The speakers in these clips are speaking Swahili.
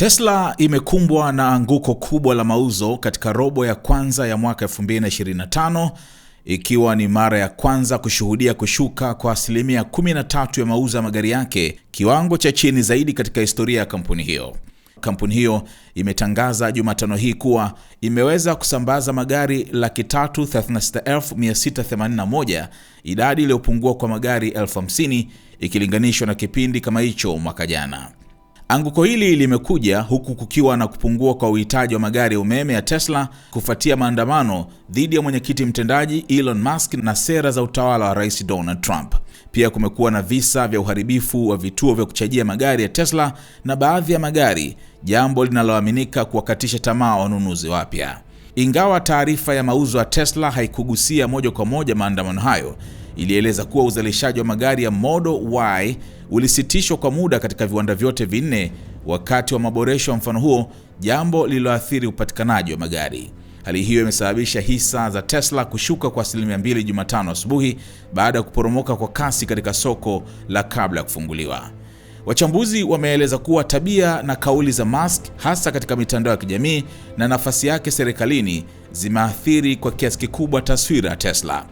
Tesla imekumbwa na anguko kubwa la mauzo katika robo ya kwanza ya mwaka 2025 ikiwa ni mara ya kwanza kushuhudia kushuka kwa asilimia 13 ya mauzo ya magari yake, kiwango cha chini zaidi katika historia ya kampuni hiyo. Kampuni hiyo imetangaza Jumatano hii kuwa imeweza kusambaza magari laki 36,681, idadi iliyopungua kwa magari 50 ikilinganishwa na kipindi kama hicho mwaka jana. Anguko hili limekuja huku kukiwa na kupungua kwa uhitaji wa magari ya umeme ya Tesla kufuatia maandamano dhidi ya mwenyekiti mtendaji Elon Musk na sera za utawala wa Rais Donald Trump. Pia kumekuwa na visa vya uharibifu wa vituo vya kuchajia magari ya Tesla na baadhi ya magari, jambo linaloaminika kuwakatisha tamaa wanunuzi wapya. Ingawa taarifa ya mauzo ya Tesla haikugusia moja kwa moja maandamano hayo, ilieleza kuwa uzalishaji wa magari ya Model Y ulisitishwa kwa muda katika viwanda vyote vinne wakati wa maboresho ya mfano huo, jambo lililoathiri upatikanaji wa magari. Hali hiyo imesababisha hisa za Tesla kushuka kwa asilimia mbili Jumatano asubuhi baada ya kuporomoka kwa kasi katika soko la kabla ya kufunguliwa. Wachambuzi wameeleza kuwa tabia na kauli za Musk hasa katika mitandao ya kijamii na nafasi yake serikalini zimeathiri kwa kiasi kikubwa taswira ya Tesla.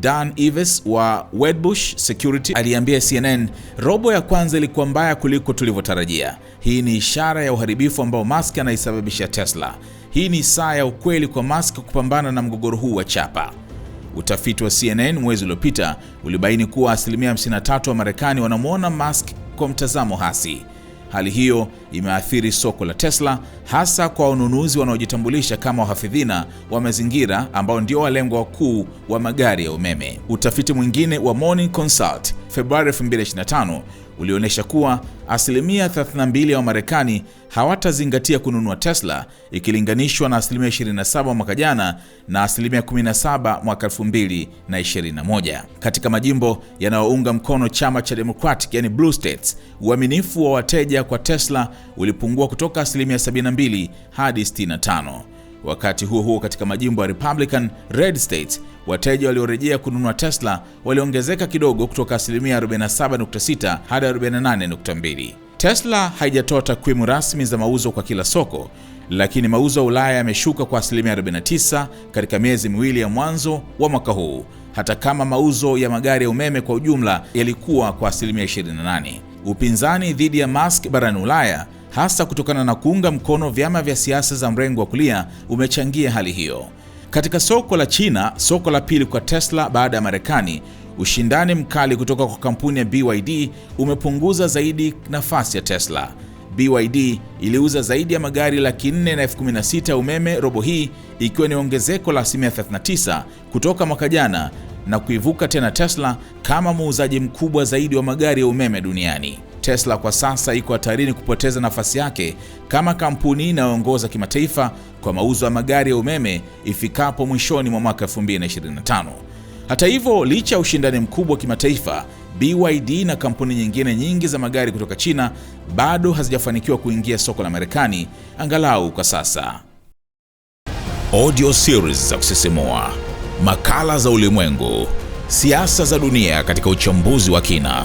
Dan Ives wa Wedbush Security aliambia CNN, robo ya kwanza ilikuwa mbaya kuliko tulivyotarajia. Hii ni ishara ya uharibifu ambao Musk anaisababisha Tesla. Hii ni saa ya ukweli kwa Musk kupambana na mgogoro huu wa chapa. Utafiti wa CNN mwezi uliopita ulibaini kuwa asilimia 53 wa Marekani wanamwona Musk kwa mtazamo hasi. Hali hiyo imeathiri soko la Tesla hasa kwa wanunuzi wanaojitambulisha kama wahafidhina wa mazingira ambao ndio walengwa wakuu wa magari ya umeme. Utafiti mwingine wa Morning Consult Februari 2025 ulionyesha kuwa asilimia 32 ya Wamarekani hawatazingatia kununua Tesla ikilinganishwa na asilimia 27 mwaka jana na asilimia 17 mwaka 2021. Katika majimbo yanayounga mkono chama cha Democratic, yani blue states, uaminifu wa wateja kwa Tesla ulipungua kutoka asilimia 72 hadi 65. Wakati huo huo, katika majimbo ya Republican red states, wateja waliorejea kununua Tesla waliongezeka kidogo kutoka asilimia 47.6 hadi 48.2. Tesla haijatoa takwimu rasmi za mauzo kwa kila soko, lakini mauzo ya Ulaya yameshuka kwa asilimia 49 katika miezi miwili ya mwanzo wa mwaka huu, hata kama mauzo ya magari ya umeme kwa ujumla yalikuwa kwa asilimia 28. Upinzani dhidi ya Musk barani Ulaya hasa kutokana na kuunga mkono vyama vya siasa za mrengo wa kulia umechangia hali hiyo. Katika soko la China, soko la pili kwa Tesla baada ya Marekani, ushindani mkali kutoka kwa kampuni ya BYD umepunguza zaidi nafasi ya Tesla. BYD iliuza zaidi ya magari laki nne na elfu kumi na sita umeme robo hii, ikiwa ni ongezeko la asilimia 39 kutoka mwaka jana na kuivuka tena Tesla kama muuzaji mkubwa zaidi wa magari ya umeme duniani. Tesla kwa sasa iko hatarini kupoteza nafasi yake kama kampuni inayoongoza kimataifa kwa mauzo ya magari ya umeme ifikapo mwishoni mwa mwaka 2025. Hata hivyo, licha ya ushindani mkubwa wa kimataifa, BYD na kampuni nyingine nyingi za magari kutoka China bado hazijafanikiwa kuingia soko la Marekani, angalau kwa sasa. Audio series za kusisimua, makala za ulimwengu, siasa za dunia katika uchambuzi wa kina